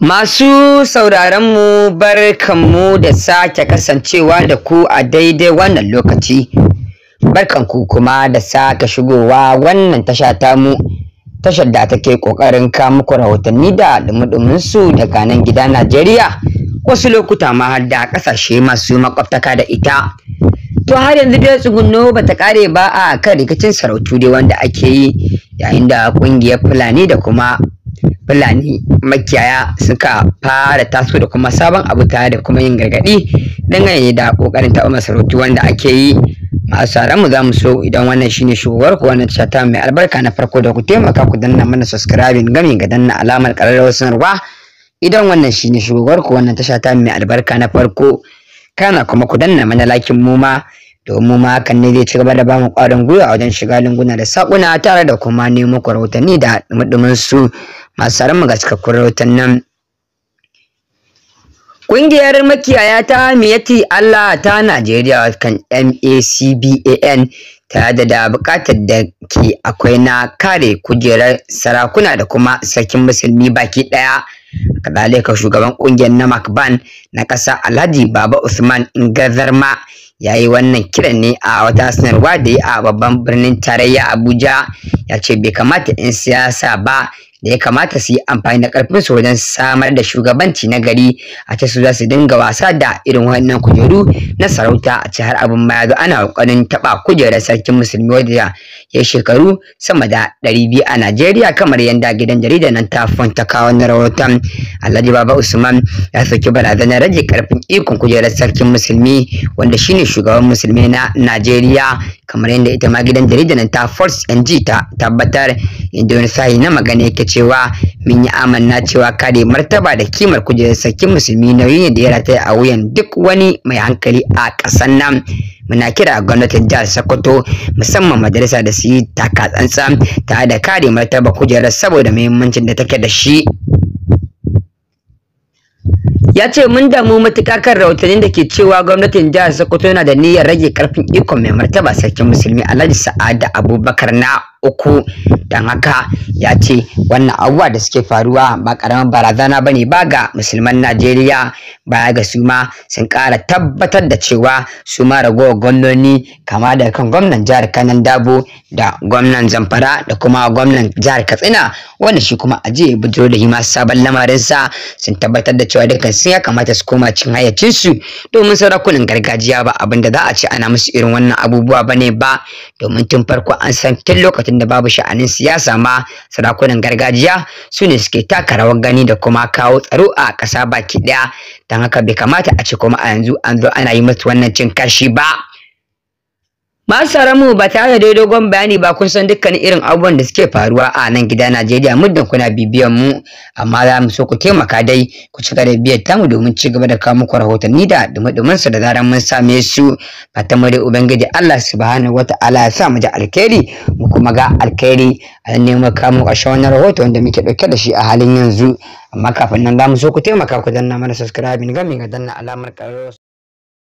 Masu sauraronmu barkanmu da sake kasancewa da ku a daidai wannan lokaci. Barkanku kuma da sake shigowa wannan tasha tamu, tashar da take ƙoƙarin muku rahotanni da su daga nan gida Najeriya, wasu lokuta ma har da ƙasashe masu makwabtaka da ita. To har yanzu dai tsugunno ba ta kare ba a kan rikicin sarautu dai wanda ake yi yayin da ƙungiyar Fulani da kuma Fulani makiyaya suka fara taso da kuma sabon abu tare da kuma yin gargaɗi dangane da ƙoƙarin taɓa masarautu wanda ake yi masu mu za mu so idan wannan shine shugabar ku wannan tasha mai albarka na farko da ku taimaka ku danna mana subscribing gami ga danna alamar ƙararrawar sanarwa idan wannan shine shugabar ku wannan tasha mai albarka na farko kana kuma ku danna mana lakin mu ma domin ma hakan ne zai ci gaba da bamu kwarin gwiwa wajen shiga lunguna da saƙuna tare da kuma nemo rahotanni da dumudumin su masu tsaron mu ga cikakkun rahoton nan Ƙungiyar makiyaya ta Miyati Allah ta Najeriya kan MACBAN ta da buƙatar da ke akwai na kare kujerar sarakuna da kuma sarkin musulmi baki ɗaya. Kadalika shugaban ƙungiyar na Makban na ƙasa Alhaji Baba Usman Ingazarma ya yi wannan kiran ne a wata sanarwa da ya a babban birnin tarayya Abuja ya ce bai kamata in siyasa ba da ya kamata su yi amfani da karfin su wajen samar da shugabanci na gari a ce su za su dinga wasa da irin wannan kujeru na sarauta a ce har abin ma yazo ana kokarin taba kujerar sarkin musulmi wanda ya shekaru sama da ɗari biyu a Najeriya kamar yanda gidan jarida nan ta fanta kawo na rahoton Alhaji Baba Usman ya sauki barazanar rage karfin ikon kujerar sarkin musulmi wanda shine shugaban musulmi na Najeriya kamar yadda ita ma gidan jaridan nan ta force ng ta tabbatar inda wani sahi na magana yake cewa mun yi amanna cewa kare martaba da kimar kujerar sarkin musulmi nauyi ne da ya rataya a wuyan duk wani mai hankali a ƙasar nan muna kira a gwamnatin jihar Sokoto musamman majalisa da su yi taka tsantsan tare da kare martaba kujerar saboda muhimmancin da take da shi ya ce mun damu matuƙa kan rahotannin da ke cewa gwamnatin jihar sokoto na da niyyar rage karfin ikon mai martaba sarkin musulmi alhaji da abubakar na uku don haka ya ce wannan abubuwa da suke faruwa ba ƙaramin barazana ba ne ba ga musulman najeriya baya ga su ma sun ƙara tabbatar da cewa su ma ragowar gwamnoni kama da kan gwamnan jihar kanan dabo da gwamnan zamfara da kuma gwamnan jihar katsina wanda shi kuma aje bujiro da hima sabon lamarinsa sun tabbatar da cewa dukkan sun ya kamata su koma cin hayyacinsu domin sarakunan gargajiya ba abinda za a ce ana musu irin wannan abubuwa ba ne ba domin tun farko an san tun lokacin da babu sha'anin siyasa ma sarakunan gargajiya su ne suke taka rawar gani da kuma kawo tsaro a ƙasa baki ɗaya don haka bai kamata a ce kuma a yanzu an zo ana yi musu wannan cin kashi ba. Masu mu ba tare da dogon bayani ba kun san dukkanin irin abubuwan da suke faruwa a nan gida Najeriya muddin kuna bibiyan mu amma za mu so ku taimaka dai ku cika da biyar tamu domin ci gaba da kawo muku rahotanni da duma su da zaran mun same su Ba ta dai ubangiji Allah subhanahu wataala ya sa mu ji alkhairi mu kuma ga alkhairi a ka kamu a wannan rahoton wanda muke dauke da shi a halin yanzu amma kafin nan za mu so ku taimaka ku danna mana subscribe ga mi ga danna alamar karo